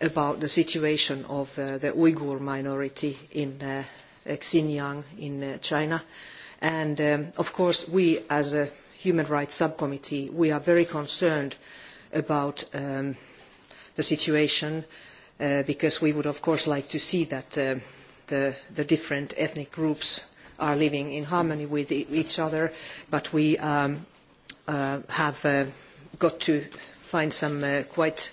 about the situation of uh, the Uyghur minority in uh, Xinjiang in uh, China. And um, of course, we as a Human Rights Subcommittee, we are very concerned about um, the situation uh, because we would of course like to see that uh, the, the, different ethnic groups are living in harmony with e each other, but we um, uh, have got to find some quite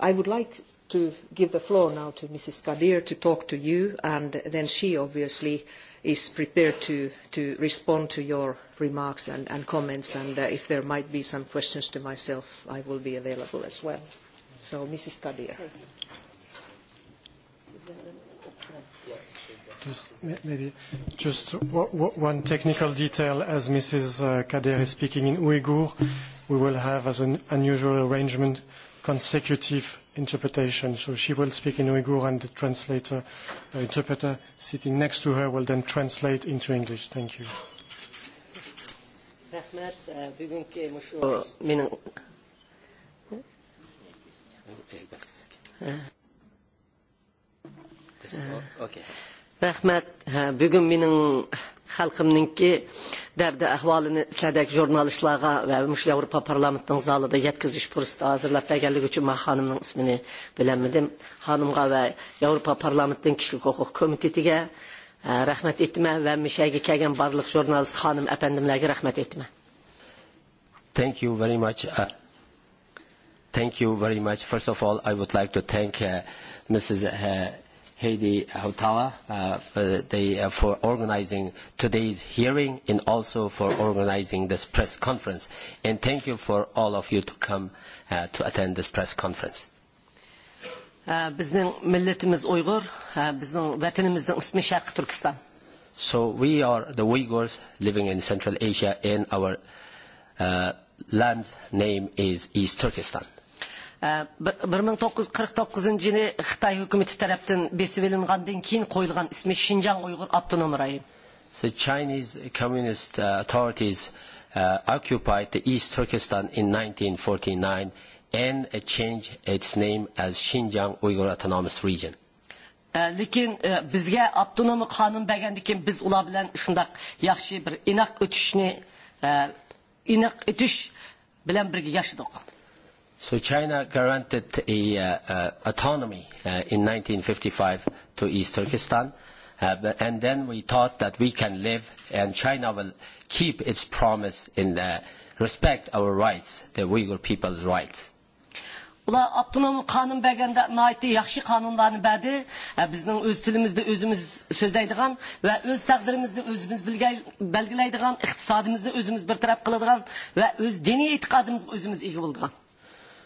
I would like to give the floor now to Mrs. Kadir to talk to you, and then she obviously is prepared to, to respond to your remarks and, and comments, and uh, if there might be some questions to myself, I will be available as well. So, Mrs. Kadir. Just maybe just one technical detail, as Mrs. Kader is speaking in Uyghur, we will have, as an unusual arrangement, consecutive interpretation. So she will speak in Uyghur and the translator, the uh, interpreter sitting next to her will then translate into English. Thank you. Rahmat, uh, bugünkü Rahmat, bugün benim däbde əhvalını sədək jurnalistlara və muș Avropa parlamentinin zalyda yetkiziș pursatı hazırlap bergenligi üçün men hanymnyň ismini bilenmidim. Hanymga və Avropa parlamentinin kișilik hukuk komitetine rəhmət etmə və müşäge kelgen Barlıq jurnalist hanym äpendimlerge rəhmət etmə. Thank you very much. Uh, thank you very much. First of all, I would like to thank uh, Mrs. Uh, Heidi Hautala uh, for, the, uh, for organizing today's hearing and also for organizing this press conference. And thank you for all of you to come uh, to attend this press conference. Uh, Bizning uh, So we are the Uyghurs living in Central Asia and our uh, land name is East Turkestan bir ming to'qqiz yuz qirq to'qqizinchi yili xitoy hukumati tarafdan besib ilingandan keyin qo'yilgan ismi shinjang uyg'ur abtonom rayon the chinese communist uh, authorities uh, occupied the east turkestan in 1949 and uh, changed its name as xinjiang uyghur autonomous region э, lekin bizga avtonomiya qonun bergandan biz ular bilan shundoq yaxshi bir inoq o'tishni inoq o'tish bilan birga yashadik So China granted a, uh, uh, autonomy uh, in 1955 to East Turkestan. Uh, and then we thought that we can live and China will keep its promise in uh, respect our rights, the Uyghur people's rights. Ula abtonom kanun berganda naiti yaxshi qonunlarni berdi. Bizning o'z tilimizda o'zimiz so'zlaydigan va o'z taqdirimizni o'zimiz belgilaydigan, iqtisodimizni o'zimiz bir taraf qiladigan va o'z diniy e'tiqodimizga o'zimiz ega bo'ladigan.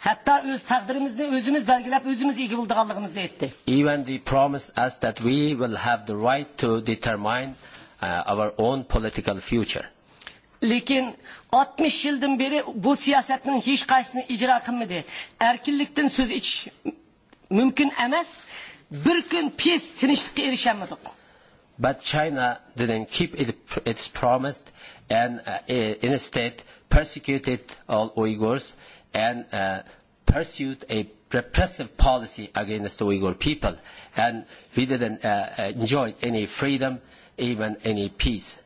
Hatta öz takdirimizni özümüz belgilep özümüz iyi bulduğumuzda etti. Even they promised us that we will have the right to determine uh, our own political future. Lekin 60 yıldan beri bu siyasetin hiç kaysını icra kılmadı. Erkinlikten söz iç mümkün emez. Bir gün pis tinçlikle erișemedik. But China didn't keep it, its promise and uh, instead persecuted all Uyghurs and uh, pursued a repressive policy against the Uyghur people. And we didn't uh, uh enjoy any freedom, even any peace.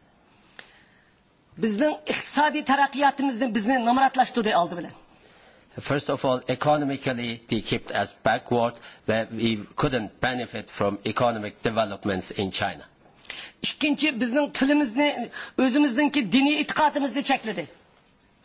Bizning iqtisodiy taraqqiyotimizni bizni nomratlashtirdi oldi bilan. First of all, economically, they kept us backward, where we couldn't benefit from economic developments in China. Ikkinchi, bizning tilimizni, o'zimizningki diniy e'tiqodimizni chekladi.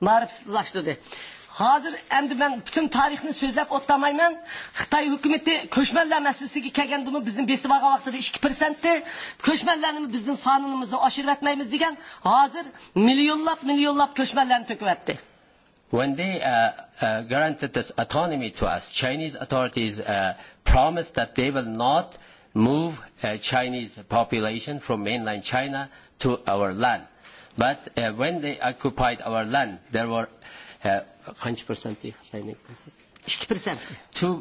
marifsizlaştırdı. Hazır endi ben bütün tarihini sözlep otlamayman. Xitay hükümeti köşmeller meselesiga kelganda mı bizim besivaga vaqtida 2%ti, köşmellerni bizning sonimizni oshirib etmaymiz degan, hozir millionlab milyonlap köşmellerni tökib etdi. When they uh, uh, granted this autonomy to us, Chinese authorities uh, promised that they will not move uh, Chinese population from mainland China to our land But uh, when they occupied our land, there were uh, 2%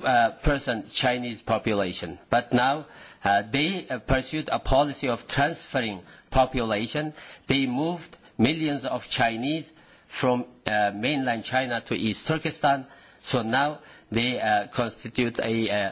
uh, percent Chinese population. But now uh, they uh, pursued a policy of transferring population. They moved millions of Chinese from uh, mainland China to East Turkestan. So now they uh, constitute a uh,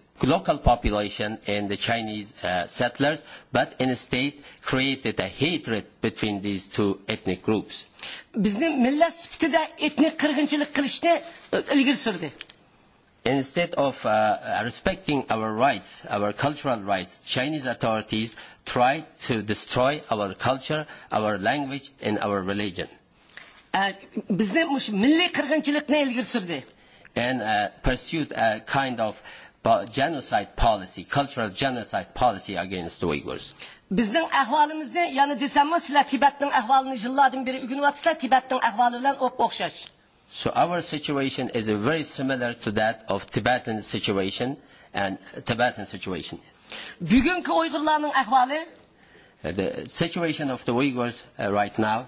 local population and the Chinese uh, settlers, but instead created a hatred between these two ethnic groups. Instead uh, of uh, uh, respecting our rights, our cultural rights, Chinese authorities tried to destroy our culture, our language, and our religion. Uh, and uh, pursued a kind of genocide policy, cultural genocide policy against the Uyghurs. Bizning ahvolimizni, ya'ni desammi, sizlar Tibetning ahvolini yillardan beri o'rganyapsizlar, Tibetning ahvoli bilan o'xshash. So our situation is very similar to that of Tibetan situation and uh, Tibetan situation. Bugungi Uyg'urlarning ahvoli uh, the situation of the Uyghurs uh, right now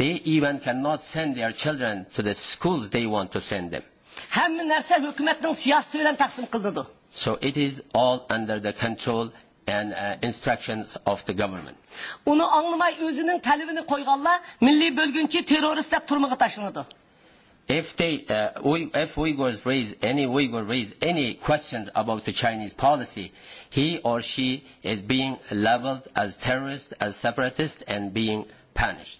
They even cannot send their children to the schools they want to send them. Hamma narsa hukumatning siyosati bilan taqsim qilinadi. So it is all under the control and uh, instructions of the government. Uni anglamay o'zining talabini qo'yganlar milliy bo'lgunchi terrorist deb turmaga If they, uh, we, if Uyghurs raise any Uyghur raise any questions about the Chinese policy, he or she is being labeled as terrorist, as separatist, and being punished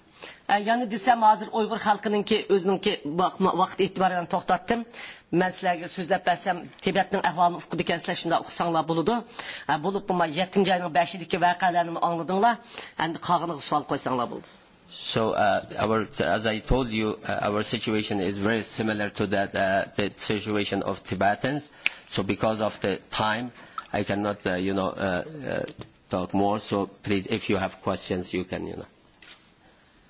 Yani desem hazır Uygur halkının ki özünün ki bakma vakit itibarıyla toxtattım. Mən sizlərə sözlə bəsəm Tibet'in əhvalını oxudu ki, sizlər șunda oxusanlar buludu. bulub buma 7-ci ayının 5 ki vəqələrini anladınla, Əndi qağınığı sual qoysanlar buludu. So uh, our, as I told you, uh, our situation is very similar to that uh, the situation of Tibetans. So because of the time, I cannot, uh, you know, uh, uh, talk more. So please, if you have questions, you can, you know.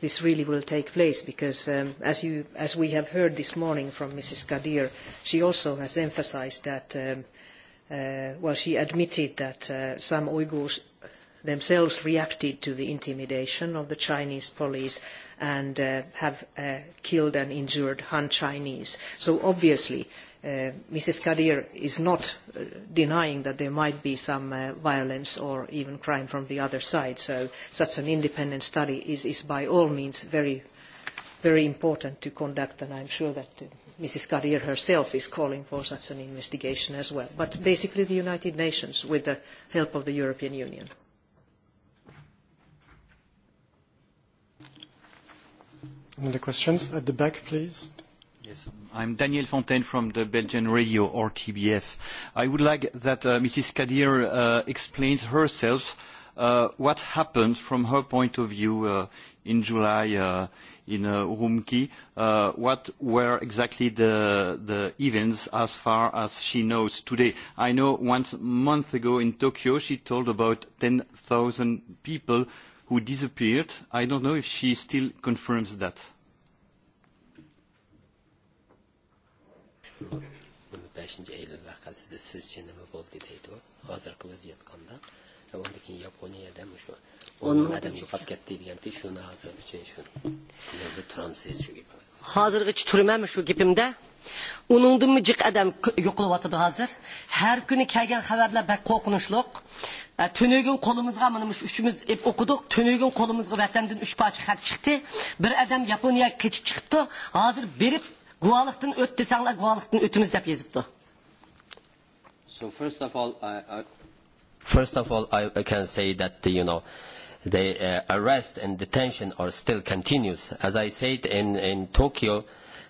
this really will take place because um, as, you, as, we have heard this morning from Mrs. Kadir, she also has emphasised that, um, uh, well, she admitted that uh, some Uyghurs themselves reacted to the intimidation of the Chinese police and uh, have uh, killed and injured Han Chinese. So obviously, uh, Mrs. Kadir is not uh, denying that there might be some uh, violence or even crime from the other side. So such an independent study is, is by all means very, very important to conduct, and I'm sure that uh, Mrs. Kadir herself is calling for such an investigation as well. But basically the United Nations with the help of the European Union. on questions. At the back, please. Yes, I'm Daniel Fontaine from the Belgian radio, RTBF. I would like that uh, Mrs. Kadir uh, explains herself uh, what happened from her point of view uh, in July uh, in uh, Urumqi. Uh, what were exactly the, the events as far as she knows today? I know once a month ago in Tokyo she told about 10,000 people who disappeared. I don't know if she still confirms that. beshinchi iyul vaqasida sizcha nima bo'ldi deydi u hozirgi tönögün kolumuzga mınımış üçümüz hep okuduk. Tönögün kolumuzga vatandın üç parça hak çıktı. Bir adam Yaponiya keçip çıktı. Hazır berip guvalıktan öt desenler guvalıktan ötümüz dep yazıptı. So first of all, I, I... First of all, I can say that, you know, the uh, arrest and detention are still continuous. As I said in, in Tokyo,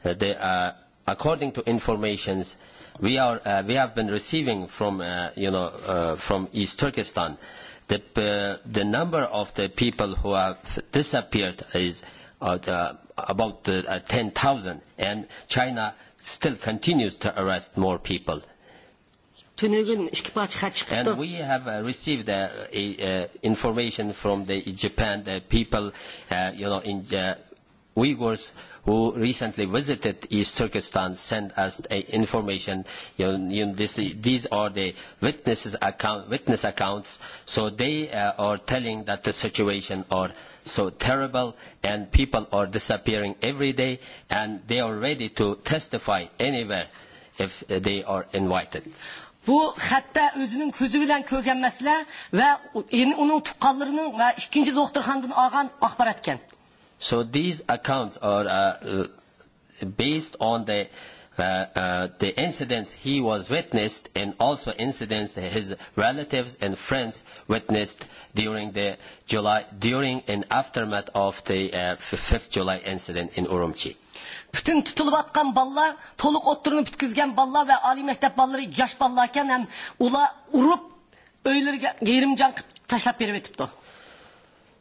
uh, the, uh, according to informations, uh, we are uh, we have been receiving from uh, you know uh, from East Turkestan the uh, the number of the people who have disappeared is uh, the, about uh, 10,000 and China still continues to arrest more people and we have uh, received uh, a, uh, information from the Japan the people uh, you know in uh, Uyghurs who recently visited East Turkestan sent us a information. You know, you know, this, these are the witnesses account, witness accounts. So they uh, are telling that the situation are so terrible and people are disappearing every day and they are ready to testify anywhere if they are invited. Bu hatta özünün közü bilen kögen mesele ve onun tukallarının ve ikinci doktor handın ağan akbaratken. So these accounts are uh, uh, based on the uh, uh, the incidents he was witnessed and also incidents that his relatives and friends witnessed during the July during and aftermath of the uh, 5th July incident in Urumqi. Bütün tutulup atkan balla, toluk otturunu bitkizgen balla ve ali mektep balları yaș ballarken hem ula urup öyleriga yerimcan tașlap berip etipdi.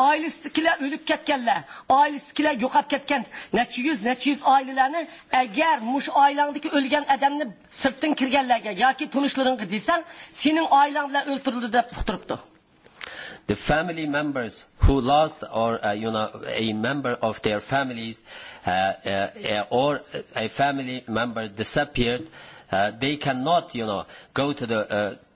ölüp ketkenler, ketganlar yok yo'qolib ketken, necha yüz, necha yüz ailelerini, eğer muș oilangniki o'lgan edemini sırttın kirgenlerge, ya ki desang gidiysen, senin bilan öldürüldü de tutturuptu. the family members who lost or uh, you know a member of their families uh, uh, uh or a family member disappeared uh, they cannot you know go to the uh,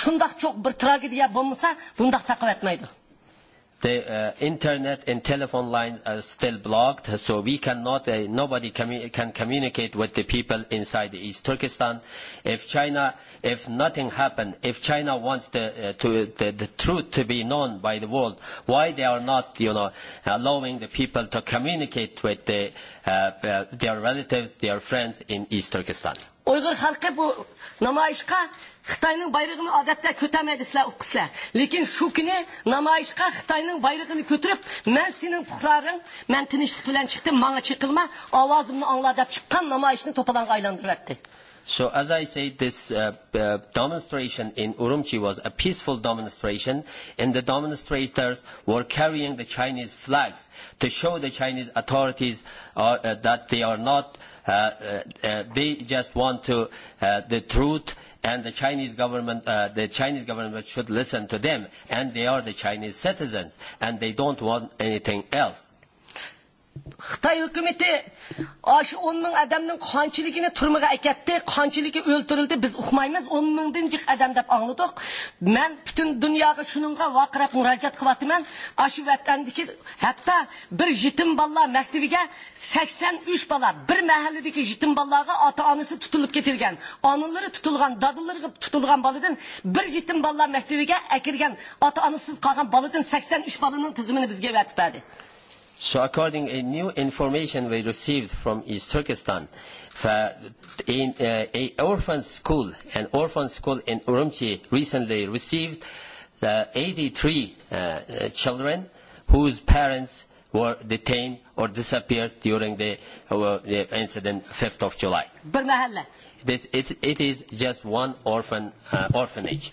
șundaq чоң bir tragediya bolmasa bundaq такып атмайды. The uh, internet and telephone line are still blocked, so we cannot, uh, nobody commu can communicate with the people inside East Turkestan. If China, if nothing happened, if China wants the, uh, to, the, the truth to be known by the world, why they are not, you know, allowing the people to communicate with the, uh, uh, their relatives, their friends in East Turkestan? Uygur halkı bu namayışka Xitayının bayrağını adette kötemedi sizler ufkusla. Lekin șu günü namayışka Xitayının bayrağını götürüp ben senin puhrarın, ben tinișlik bilen çıktım, bana çıkılma, avazımını anla deyip çıkan namayışını topalanga aylandırıverdi. So as I say, this uh, uh, demonstration in Urumqi was a peaceful demonstration, and the demonstrators were carrying the Chinese flags to show the Chinese authorities are, uh, uh, that they are not, uh, uh, they just want to, the truth, and the Chinese government, the Chinese government should listen to them, and they are the Chinese citizens, and they don't want anything else xitoy hukumati shu o'n ming odamning qanchiligini turmaga akatdi qanchaligi o'ltirildi biz uqmaymiz o'n mingdan jiq odam deb angladik man butun dunyoga shuninga vaqirab murojaat qilyapman shu vatandagi hatto bir yetim bolalar maktabiga sakson uch bola bir mahalladagi yetim bolalarga ata onasi tutulup ketilgan onalari tutilgan dadalari tutilgan boladan bir yetim bolalar maktabiga akirgan ota onasiz qolgan boladan sakson uch bolaning tizimini bizga vatibadi So according a new information we received from East Turkestan, in uh, a orphan school, an orphan school in Urumqi recently received 83 uh, uh, uh, children whose parents were detained or disappeared during the, uh, the incident 5th of July. This, it's, it is just one orphan uh, orphanage.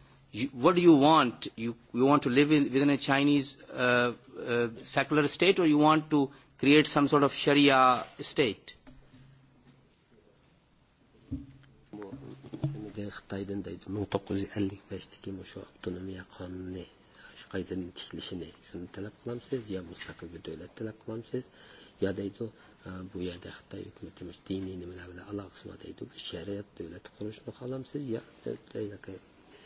You, what do you want? You, you want to live in, within a Chinese uh, uh, secular state or you want to create some sort of Sharia state? avtonomiya bir bu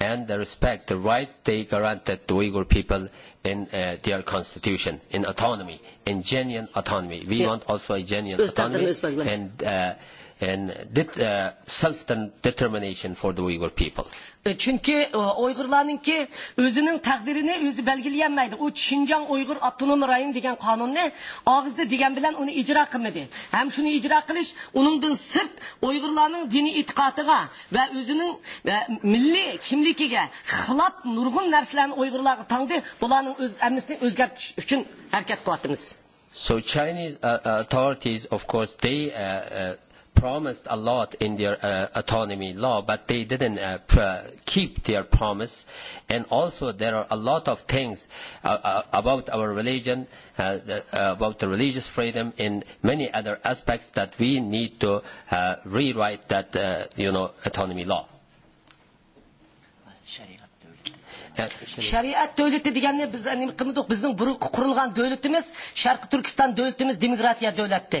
and the respect the rights they granted to Uyghur people in uh, their constitution, in autonomy, in genuine autonomy. We yeah. want also a genuine autonomy and uh, and det, uh, self determination for the Uyghur people. Çünkü Uygurlarınki özünün takdirini özü belgileyemeydi. O Șincan Uygur Atunun Rayın diyen kanun ne? ağızda diyen bilen onu icra kılmadı. Hem șunu icra kılış, onun da sırt Uygurlarının dini itikatıga ve özünün ve milli kimlikige hılap nurgun derslerin Uygurlarga tanıdı. Bunların öz, emnisini özgertiş için hareket kılattınız. So Chinese uh, uh, authorities of course they uh, uh, promised a lot in their uh, autonomy law, but they didn't uh, pr- keep their promise. And also, there are a lot of things uh, uh, about our religion, uh, the, uh, about the religious freedom, and many other aspects that we need to uh, rewrite that, uh, you know, autonomy law. shariat davlati deganda biz nima qilmadik bizning burun qurilgan davlatimiz sharqi turkiston davlatimiz demokratiya davlatdi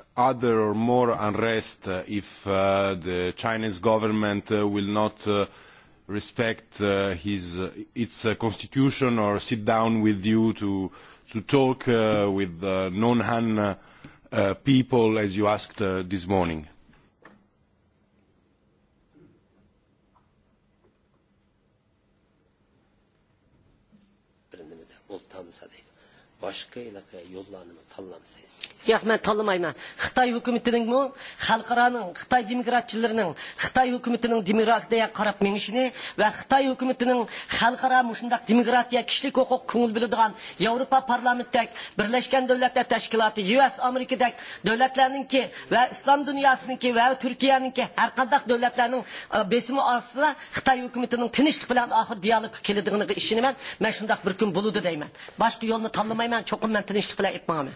other or more unrest uh, if uh, the Chinese government uh, will not respect his, its constitution or sit down with you to, to talk with uh, non-Han people as you asked this morning. Bașka ilakaya tanlamaysiz yo'q man tanlamayman xitoy hukumatiningmi xalqaroning xitoy demokratchilarining xitoy hukumatining demokratiyaga qarab minishini va xitoy hukumatining xalqaro mushundaq demokratiya kishilik huquq ko'ngil biladigan yevropa parlamentdak birlashgan davlatlar tashkiloti us amerikadak davlatlarninki va islom dunyosiniki va turkiyaninki har qandaq davlatlarning besimi ostida xitoy hukumatining tinchlik bilan oxir dialogga keladiganiga ishonaman man shundaq bir kun bo'ludi deyman boshqa yo'lni tanlamayman cho'qim man tinchlik bilan ib boraman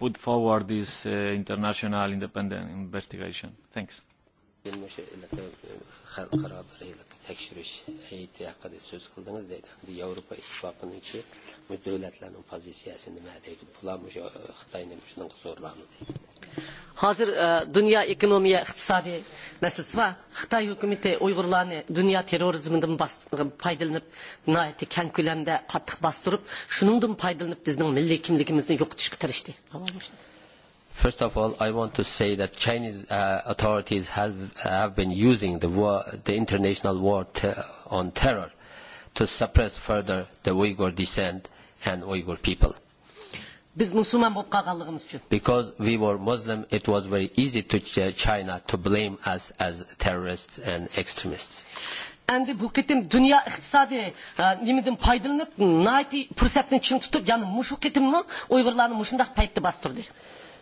put forward this uh, international independent investigation. Thanks endi o'sha xalqaro tekshirish hayiti haqida so'z qildingiz deydi da, endi yevropa ittifoqiniki bu davlatlarning pozitsiyasi nima deydi bular o'sha xitoyni shunaqa zo'rlami hozir dunyo ekonomiya iqtisodiy masalasi Xitay hökuməti hukumati dünya terrorizmindən faydalanıb nəhayət kən küləmdə qatıq qattiq șunundan faydalanıb bizim milli milliy kimligimizni yo'qotishga tirishdi First of all, I want to say that Chinese uh, authorities have, have been using the, war, the international war te on terror to suppress further the Uyghur descent and Uyghur people. Because we were Muslim, it was very easy to ch- China to blame us as terrorists and extremists. endi bu ketim dunyo iqtisodi nimadan foydalanib nati fursatni ching tutib yani mushu ketimni uyg'urlarni mushundoq paytda bostirdi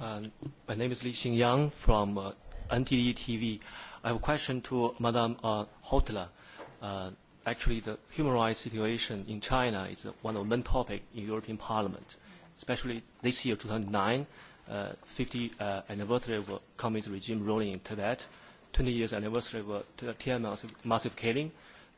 Uh, my name is Li Xingyang from uh, NTD TV. I have a question to Madam uh, Uh, actually, the human rights situation in China is one of the main topics in European Parliament, especially this year, 2009, uh, 50 uh, anniversary of the communist regime ruling in Tibet, 20 years anniversary of the Tiananmen massive killing,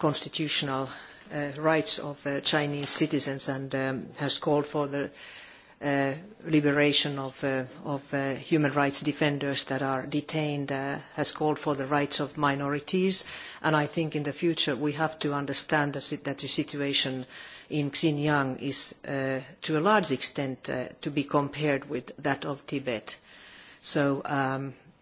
constitutional uh, rights of uh, Chinese citizens and um, has called for the uh, liberation of, uh, of uh, human rights defenders that are detained, uh, has called for the rights of minorities. And I think in the future we have to understand that the situation in Xinjiang is to a large extent to be compared with that of Tibet. So um,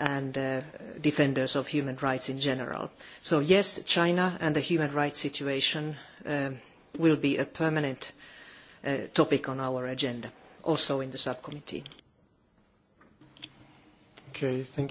and uh, defenders of human rights in general. So yes, China and the human rights situation uh, will be a permanent uh, topic on our agenda, also in the subcommittee. Okay, thank